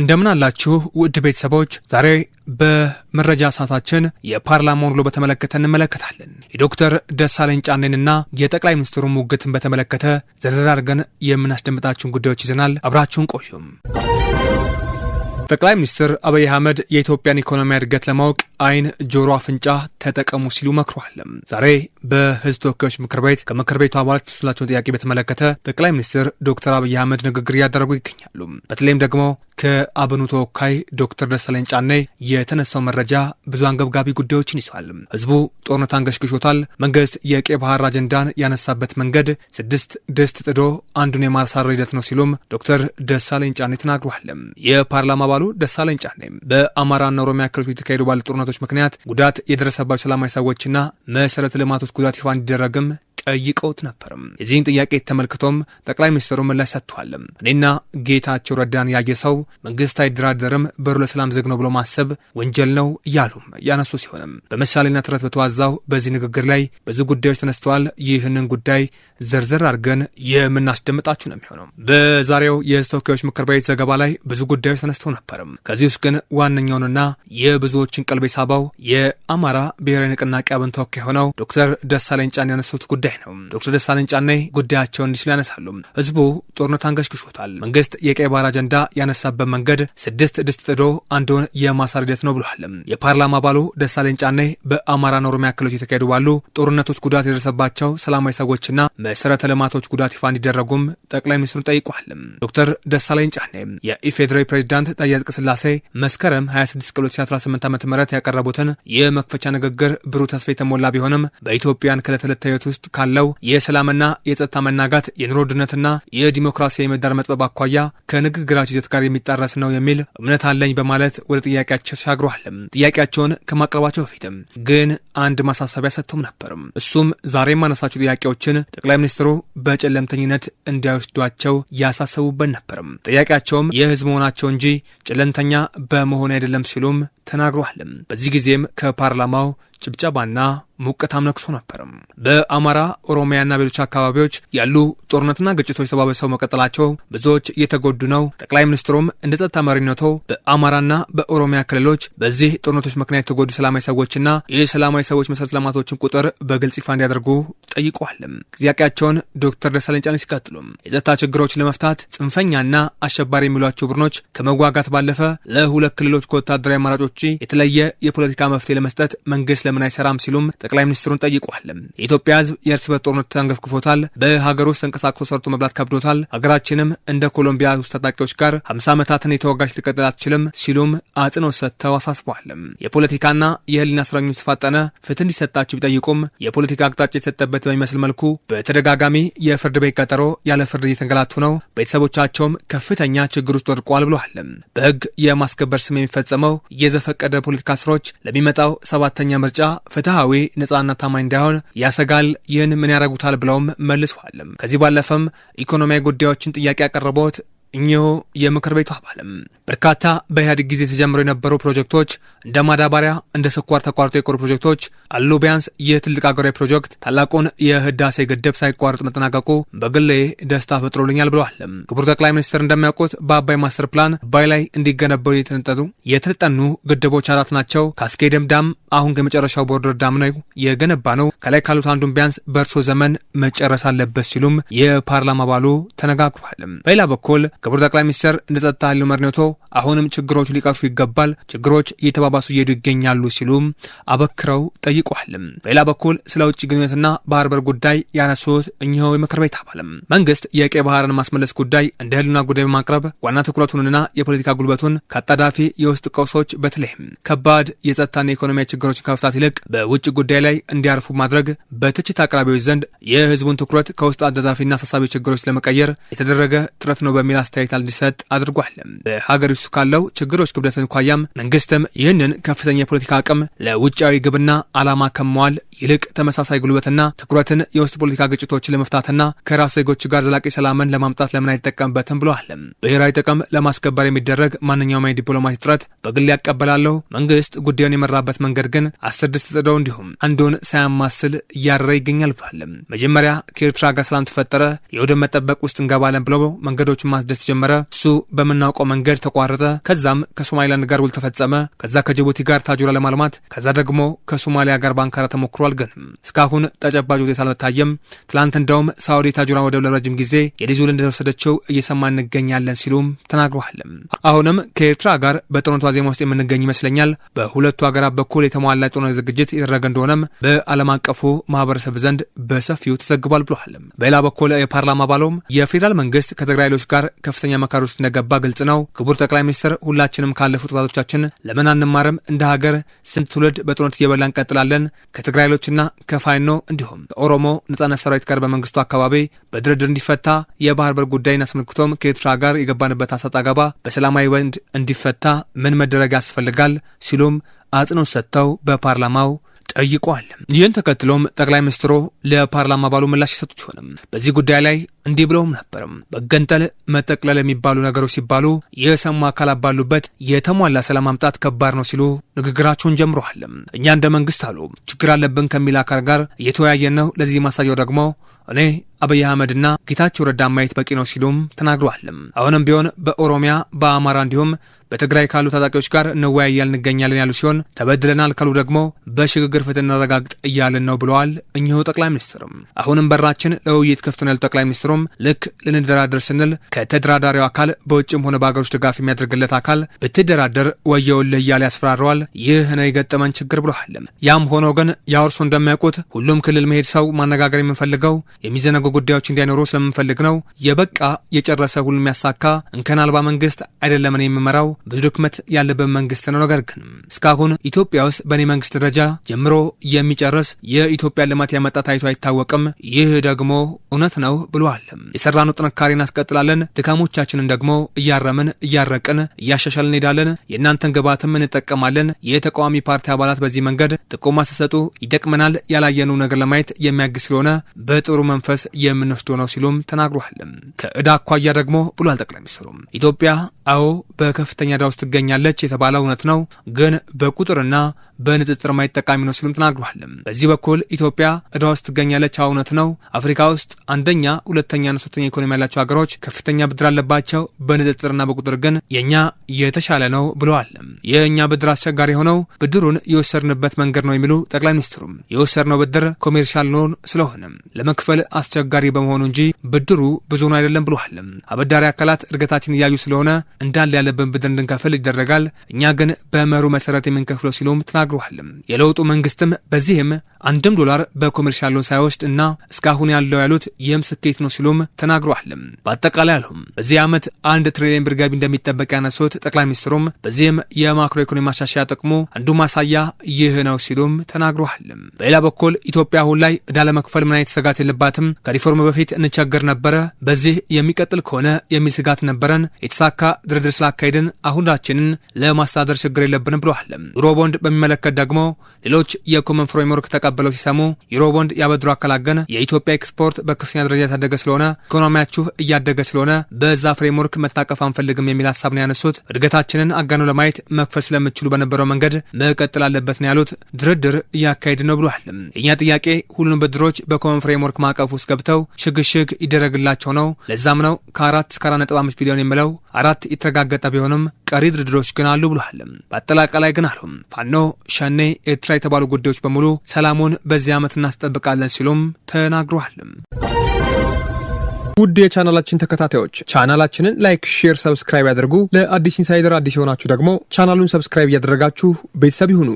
እንደምን አላችሁ ውድ ቤተሰቦች፣ ዛሬ በመረጃ ሰዓታችን የፓርላማውን ውሎ በተመለከተ እንመለከታለን። የዶክተር ደሳለኝ ጫኔንና የጠቅላይ ሚኒስትሩን ሙግትን በተመለከተ ዘርዘር አድርገን የምናስደምጣችሁን ጉዳዮች ይዘናል። አብራችሁን ቆዩም። ጠቅላይ ሚኒስትር አብይ አህመድ የኢትዮጵያን ኢኮኖሚ እድገት ለማወቅ አይን ጆሮ፣ አፍንጫ ተጠቀሙ ሲሉ መክሯል። ዛሬ በህዝብ ተወካዮች ምክር ቤት ከምክር ቤቱ አባላት የተነሱላቸውን ጥያቄ በተመለከተ ጠቅላይ ሚኒስትር ዶክተር አብይ አህመድ ንግግር እያደረጉ ይገኛሉ። በተለይም ደግሞ ከአብኑ ተወካይ ዶክተር ደሳለኝ ጫኔ የተነሳው መረጃ ብዙ አንገብጋቢ ጉዳዮችን ይዟል። ህዝቡ ጦርነት አንገሽግሾታል። መንግስት የቀይ ባህር አጀንዳን ያነሳበት መንገድ ስድስት ድስት ጥዶ አንዱን የማሳረር ሂደት ነው ሲሉም ዶክተር ደሳለኝ ጫኔ ተናግረዋል። የፓርላማ አባሉ ደሳለኝ ጫኔ በአማራና ኦሮሚያ ክልሎች የተካሄዱ ባሉ ጦርነቶች ምክንያት ጉዳት የደረሰባቸው ሰላማዊ ሰዎችና መሰረተ ልማቶች ጉዳት ይፋ እንዲደረግም ጠይቀውት ነበርም። የዚህን ጥያቄ ተመልክቶም ጠቅላይ ሚኒስትሩ ምላሽ ሰጥቷል። እኔና ጌታቸው ረዳን ያየ ሰው መንግስት አይደራደርም፣ በሩ ለሰላም ዝግ ነው ብሎ ማሰብ ወንጀል ነው እያሉም ያነሱ ሲሆንም በምሳሌና ትረት በተዋዛው በዚህ ንግግር ላይ ብዙ ጉዳዮች ተነስተዋል። ይህንን ጉዳይ ዘርዘር አድርገን የምናስደምጣችሁ ነው የሚሆነው። በዛሬው የህዝብ ተወካዮች ምክር ቤት ዘገባ ላይ ብዙ ጉዳዮች ተነስተው ነበርም። ከዚህ ውስጥ ግን ዋነኛውንና የብዙዎችን ቀልብ የሳበው የአማራ ብሔራዊ ንቅናቄ አብን ተወካይ የሆነው ዶክተር ደሳለኝ ጫን ያነሱት ጉዳይ ጉዳይ ነው። ዶክተር ደሳለኝ ጫኔ ጉዳያቸውን እንዲችል ያነሳሉ። ህዝቡ ጦርነት አንገሽግሾታል። መንግስት የቀይ ባህር አጀንዳ ያነሳበት መንገድ ስድስት ድስት ጥዶ አንዱን የማሳር ሂደት ነው ብለዋል። የፓርላማ አባሉ ደሳለኝ ጫኔ በአማራና ኦሮሚያ ክልሎች የተካሄዱ ባሉ ጦርነቶች ጉዳት የደረሰባቸው ሰላማዊ ሰዎችና መሰረተ ልማቶች ጉዳት ይፋ እንዲደረጉም ጠቅላይ ሚኒስትሩን ጠይቋል። ዶክተር ደሳለኝ ጫኔ የኢፌዴራዊ ፕሬዚዳንት ታዬ አጽቀሥላሴ መስከረም 26 ቀን 2018 ዓ ም ያቀረቡትን የመክፈቻ ንግግር ብሩህ ተስፋ የተሞላ ቢሆንም በኢትዮጵያን ከዕለት ተዕለት ህይወት ውስጥ ካለው የሰላምና የጸጥታ መናጋት የኑሮ ውድነትና የዲሞክራሲ የምህዳር መጥበብ አኳያ ከንግግራቸው ይዘት ጋር የሚጣረስ ነው የሚል እምነት አለኝ በማለት ወደ ጥያቄያቸው ተሻግረዋል። ጥያቄያቸውን ከማቅረባቸው በፊትም ግን አንድ ማሳሰቢያ ሰጥቶም ነበርም። እሱም ዛሬ የማነሳቸው ጥያቄዎችን ጠቅላይ ሚኒስትሩ በጨለምተኝነት እንዳይወስዷቸው ያሳሰቡበት ነበርም። ጥያቄያቸውም የህዝብ መሆናቸው እንጂ ጨለምተኛ በመሆን አይደለም ሲሉም ተናግሯልም በዚህ ጊዜም ከፓርላማው ጭብጨባና ሙቀት አምለክሶ ነበርም። በአማራ ኦሮሚያና ሌሎች አካባቢዎች ያሉ ጦርነትና ግጭቶች ተባብሰው መቀጠላቸው ብዙዎች እየተጎዱ ነው። ጠቅላይ ሚኒስትሩም እንደ ጸጥታ መሪነቶ በአማራና በኦሮሚያ ክልሎች በዚህ ጦርነቶች ምክንያት የተጎዱ ሰላማዊ ሰዎችና የሰላማዊ ሰዎች መሰረተ ልማቶችን ቁጥር በግልጽ ይፋ እንዲያደርጉ ጠይቋልም። ጥያቄያቸውን ዶክተር ደሳለኝ ጫኔ ሲቀጥሉም የጸጥታ ችግሮች ለመፍታት ጽንፈኛና አሸባሪ የሚሏቸው ቡድኖች ከመዋጋት ባለፈ ለሁለት ክልሎች ከወታደራዊ አማራጮች የተለየ የፖለቲካ መፍትሄ ለመስጠት መንግስት ለምን አይሰራም ሲሉም ጠቅላይ ሚኒስትሩን ጠይቋል። የኢትዮጵያ ህዝብ የእርስ በርስ ጦርነት ተንገፍግፎታል። በሀገር ውስጥ ተንቀሳቅሶ ሰርቶ መብላት ከብዶታል። ሀገራችንም እንደ ኮሎምቢያ ውስጥ ታጣቂዎች ጋር ሀምሳ ዓመታትን የተወጋች ሊቀጥል አትችልም ሲሉም አጽንኦት ሰጥተው አሳስበዋል። የፖለቲካና የህሊና እስረኞች ተፋጠነ ፍትህ እንዲሰጣቸው ቢጠይቁም የፖለቲካ አቅጣጫ የተሰጠበት በሚመስል መልኩ በተደጋጋሚ የፍርድ ቤት ቀጠሮ ያለ ፍርድ እየተንገላቱ ነው። ቤተሰቦቻቸውም ከፍተኛ ችግር ውስጥ ወድቋል ብለዋል። በህግ የማስከበር ስም የሚፈጸመው የዘፈቀደ ፖለቲካ ስሮች ለሚመጣው ሰባተኛ ምርጫ መግለጫ ፍትሐዊ ነፃና ታማኝ እንዳይሆን ያሰጋል። ይህን ምን ያደርጉታል ብለውም መልሷል። ከዚህ ባለፈም ኢኮኖሚያዊ ጉዳዮችን ጥያቄ ያቀረቡት እኚሁ የምክር ቤቱ አባልም በርካታ በኢህአዴግ ጊዜ ተጀምረው የነበሩ ፕሮጀክቶች እንደ ማዳበሪያ፣ እንደ ስኳር ተቋርጦ የቆሩ ፕሮጀክቶች አሉ። ቢያንስ ይህ ትልቅ አገራዊ ፕሮጀክት ታላቁን የህዳሴ ግድብ ሳይቋረጥ መጠናቀቁ በግሌ ደስታ ፈጥሮልኛል ብለዋል። ክቡር ጠቅላይ ሚኒስትር እንደሚያውቁት በአባይ ማስተር ፕላን አባይ ላይ እንዲገነበው የተነጠጡ የተጠኑ ግድቦች አራት ናቸው። ካስኬድም ዳም አሁን ከመጨረሻው ቦርደር ዳም ነው የገነባ ነው። ከላይ ካሉት አንዱን ቢያንስ በእርሶ ዘመን መጨረስ አለበት ሲሉም የፓርላማ አባሉ ተነጋግሯል። በሌላ በኩል ክቡር ጠቅላይ ሚኒስትር እንደ ጸጥታ ኃይሉ መርኔቶ አሁንም ችግሮቹ ሊቀርፉ ይገባል፣ ችግሮች እየተባባሱ እየሄዱ ይገኛሉ ሲሉም አበክረው ጠይቋል። በሌላ በኩል ስለ ውጭ ግንኙነትና ባህር በር ጉዳይ ያነሱት እኚሁ የምክር ቤት አባልም መንግስት የቀይ ባህርን ማስመለስ ጉዳይ እንደ ህልና ጉዳይ በማቅረብ ዋና ትኩረቱንና የፖለቲካ ጉልበቱን ከአጣዳፊ የውስጥ ቀውሶች በተለይም ከባድ የጸጥታና የኢኮኖሚ ችግሮችን ከመፍታት ይልቅ በውጭ ጉዳይ ላይ እንዲያርፉ ማድረግ በትችት አቅራቢዎች ዘንድ የህዝቡን ትኩረት ከውስጥ አጣዳፊና አሳሳቢ ችግሮች ለመቀየር የተደረገ ጥረት ነው በሚል አስተያየት እንዲሰጥ አድርጓል። በሀገር ውስጥ ካለው ችግሮች ክብደት እንኳያም መንግስትም ይህንን ከፍተኛ የፖለቲካ አቅም ለውጫዊ ግብና አላማ ከመዋል ይልቅ ተመሳሳይ ጉልበትና ትኩረትን የውስጥ ፖለቲካ ግጭቶችን ለመፍታትና ከራሱ ዜጎች ጋር ዘላቂ ሰላምን ለማምጣት ለምን አይጠቀምበትም ብለዋል። ብሔራዊ ጥቅም ለማስከበር የሚደረግ ማንኛውም የዲፕሎማሲ ጥረት በግል ያቀበላለሁ። መንግስት ጉዳዩን የመራበት መንገድ ግን አስር ድስት ጥደው እንዲሁም አንዱን ሳያማስል እያረረ ይገኛል ብሏል። መጀመሪያ ከኤርትራ ጋር ሰላም ተፈጠረ የወደብ መጠበቅ ውስጥ እንገባለን ብለው መንገዶችን ማስደ መደስ ተጀመረ። እሱ በምናውቀው መንገድ ተቋረጠ። ከዛም ከሶማሊላንድ ጋር ውል ተፈጸመ። ከዛ ከጅቡቲ ጋር ታጁራ ለማልማት ከዛ ደግሞ ከሶማሊያ ጋር በአንካራ ተሞክሯል። አልገንም። እስካሁን ተጨባጭ ውጤት አልመታየም። ትላንት እንደውም ሳውዲ ታጁራን ወደብ ለረጅም ጊዜ የሊዝ ውል እንደተወሰደችው እየሰማ እንገኛለን ሲሉም ተናግረዋል። አሁንም ከኤርትራ ጋር በጦርነቱ ዋዜማ ውስጥ የምንገኝ ይመስለኛል። በሁለቱ ሀገራት በኩል የተሟላ ጦርነት ዝግጅት የተደረገ እንደሆነም በዓለም አቀፉ ማህበረሰብ ዘንድ በሰፊው ተዘግቧል ብለዋል። በሌላ በኩል የፓርላማ አባሉም የፌዴራል መንግስት ከትግራይ ኃይሎች ጋር ከፍተኛ መካር ውስጥ እንደገባ ግልጽ ነው። ክቡር ጠቅላይ ሚኒስትር፣ ሁላችንም ካለፉት ጥፋቶቻችን ለምን አንማርም? እንደ ሀገር ስንት ትውልድ በጦርነት እየበላ እንቀጥላለን? ከትግራይ ኃይሎችና ከፋይኖ እንዲሁም ከኦሮሞ ነጻነት ሰራዊት ጋር በመንግስቱ አካባቢ በድርድር እንዲፈታ፣ የባህር በር ጉዳይን አስመልክቶም ከኤርትራ ጋር የገባንበት አሳጣ ገባ በሰላማዊ ወንድ እንዲፈታ ምን መደረግ ያስፈልጋል? ሲሉም አጽንኦት ሰጥተው በፓርላማው ጠይቋል። ይህን ተከትሎም ጠቅላይ ሚኒስትሩ ለፓርላማ ባሉ ምላሽ የሰጡት ሲሆንም በዚህ ጉዳይ ላይ እንዲህ ብለውም ነበርም መገንጠል መጠቅለል የሚባሉ ነገሮች ሲባሉ የሰማ አካላት ባሉበት የተሟላ ሰላም ማምጣት ከባድ ነው ሲሉ ንግግራቸውን ጀምረዋል። እኛ እንደ መንግስት አሉ ችግር አለብን ከሚል አካል ጋር እየተወያየን ነው። ለዚህ ማሳያው ደግሞ እኔ አብይ አህመድና ጌታቸው ረዳ ማየት በቂ ነው ሲሉም ተናግረዋል። አሁንም ቢሆን በኦሮሚያ በአማራ እንዲሁም በትግራይ ካሉ ታጣቂዎች ጋር እንወያያል እንገኛለን ያሉ ሲሆን ተበድለናል ካሉ ደግሞ በሽግግር ፍትህ እናረጋግጥ እያልን ነው ብለዋል። እኚሁ ጠቅላይ ሚኒስትርም አሁንም በራችን ለውይይት ክፍት ነው ያሉት ጠቅላይ ሚኒስትሩም ልክ ልንደራደር ስንል ከተደራዳሪው አካል በውጭም ሆነ በሀገሮች ድጋፍ የሚያደርግለት አካል ብትደራደር ወየውልህ እያለ ያስፈራረዋል። ይህ ነው የገጠመን ችግር ብለዋል። ያም ሆኖ ግን እርሶ እንደሚያውቁት ሁሉም ክልል መሄድ ሰው ማነጋገር የምንፈልገው የሚዘነጉ ጉዳዮች እንዲያኖሩ ስለምንፈልግ ነው። የበቃ የጨረሰ ሁሉ የሚያሳካ እንከን አልባ መንግስት አይደለምን የምመራው ብዙ ድክመት ያለበት መንግስት ነው። ነገር ግን እስካሁን ኢትዮጵያ ውስጥ በእኔ መንግስት ደረጃ ጀምሮ የሚጨርስ የኢትዮጵያ ልማት ያመጣ ታይቶ አይታወቅም። ይህ ደግሞ እውነት ነው ብሏል። የሰራነው ጥንካሬ እናስቀጥላለን። ድካሞቻችንን ደግሞ እያረምን እያረቅን እያሻሻልን እንሄዳለን። የእናንተን ግብዓትም እንጠቀማለን። የተቃዋሚ ፓርቲ አባላት በዚህ መንገድ ጥቆማ ሲሰጡ ይጠቅመናል። ያላየኑ ነገር ለማየት የሚያግዝ ስለሆነ በጥሩ መንፈስ የምንወስዶ ነው ሲሉም ተናግሯል። ከእዳ አኳያ ደግሞ ብሏል ጠቅላይ ሚኒስትሩም ኢትዮጵያ አዎ በከፍተኛ እዳ ውስጥ ትገኛለች የተባለ እውነት ነው፣ ግን በቁጥርና በንጥጥር ማየት ጠቃሚ ነው ሲሉም ተናግሯል። በዚህ በኩል ኢትዮጵያ እዳ ውስጥ ትገኛለች እውነት ነው። አፍሪካ ውስጥ አንደኛ፣ ሁለተኛና ሶስተኛ ኢኮኖሚ ያላቸው ሀገሮች ከፍተኛ ብድር አለባቸው። በንጥጥርና በቁጥር ግን የእኛ የተሻለ ነው ብለዋል። የእኛ ብድር አስቸጋሪ የሆነው ብድሩን የወሰድንበት መንገድ ነው የሚሉ ጠቅላይ ሚኒስትሩም የወሰድነው ብድር ኮሜርሻል ሎን ስለሆነ ለመክፈል መቀበል አስቸጋሪ በመሆኑ እንጂ ብድሩ ብዙውን አይደለም ብሏል። አበዳሪ አካላት እድገታችን እያዩ ስለሆነ እንዳለ ያለብን ብድር እንድንከፍል ይደረጋል። እኛ ግን በመሩ መሰረት የምንከፍለው ሲሉም ተናግረዋል። የለውጡ መንግስትም በዚህም አንድም ዶላር በኮሜርሻል ሎን ሳይወስድ እና እስካሁን ያለው ያሉት ይህም ስኬት ነው ሲሉም ተናግረዋል። በአጠቃላይ አሉም በዚህ ዓመት አንድ ትሪሊዮን ብር ገቢ እንደሚጠበቅ ያነሱት ጠቅላይ ሚኒስትሩም በዚህም የማክሮ ኢኮኖሚ ማሻሻያ ጥቅሙ አንዱ ማሳያ ይህ ነው ሲሉም ተናግረዋል። በሌላ በኩል ኢትዮጵያ አሁን ላይ እዳ ለመክፈል ምን አይነት ስጋት የለባት ምናልባትም ከሪፎርም በፊት እንቸገር ነበረ፣ በዚህ የሚቀጥል ከሆነ የሚል ስጋት ነበረን። የተሳካ ድርድር ስላካሄድን አሁናችንን ለማስተዳደር ችግር የለብንም ብለዋል። ዩሮቦንድ በሚመለከት ደግሞ ሌሎች የኮመን ፍሬምወርክ ተቀብለው ሲሰሙ ዩሮቦንድ ያበድሩ አካላገን የኢትዮጵያ ኤክስፖርት በከፍተኛ ደረጃ ያሳደገ ስለሆነ ኢኮኖሚያችሁ እያደገ ስለሆነ በዛ ፍሬምወርክ መታቀፍ አንፈልግም የሚል ሀሳብ ነው ያነሱት። እድገታችንን አጋኖ ለማየት መክፈል ስለምችሉ በነበረው መንገድ መቀጠል አለበት ነው ያሉት። ድርድር እያካሄድ ነው ብሏል። የእኛ ጥያቄ ሁሉንም ብድሮች በኮመን ፍሬምወርክ ማ ማዕቀፍ ውስጥ ገብተው ሽግሽግ ይደረግላቸው ነው። ለዛም ነው ከአራት እስከ አራት ነጥብ አምስት ቢሊዮን የሚለው አራት የተረጋገጠ ቢሆንም ቀሪ ድርድሮች ግን አሉ ብሏል። በአጠቃላይ ግን አሉ ፋኖ፣ ሸኔ፣ ኤርትራ የተባሉ ጉዳዮች በሙሉ ሰላሙን በዚህ ዓመት እናስጠብቃለን ሲሉም ተናግረዋል። ውድ የቻናላችን ተከታታዮች ቻናላችንን ላይክ፣ ሼር፣ ሰብስክራይብ ያድርጉ። ለአዲስ ኢንሳይደር አዲስ የሆናችሁ ደግሞ ቻናሉን ሰብስክራይብ እያደረጋችሁ ቤተሰብ ይሁኑ።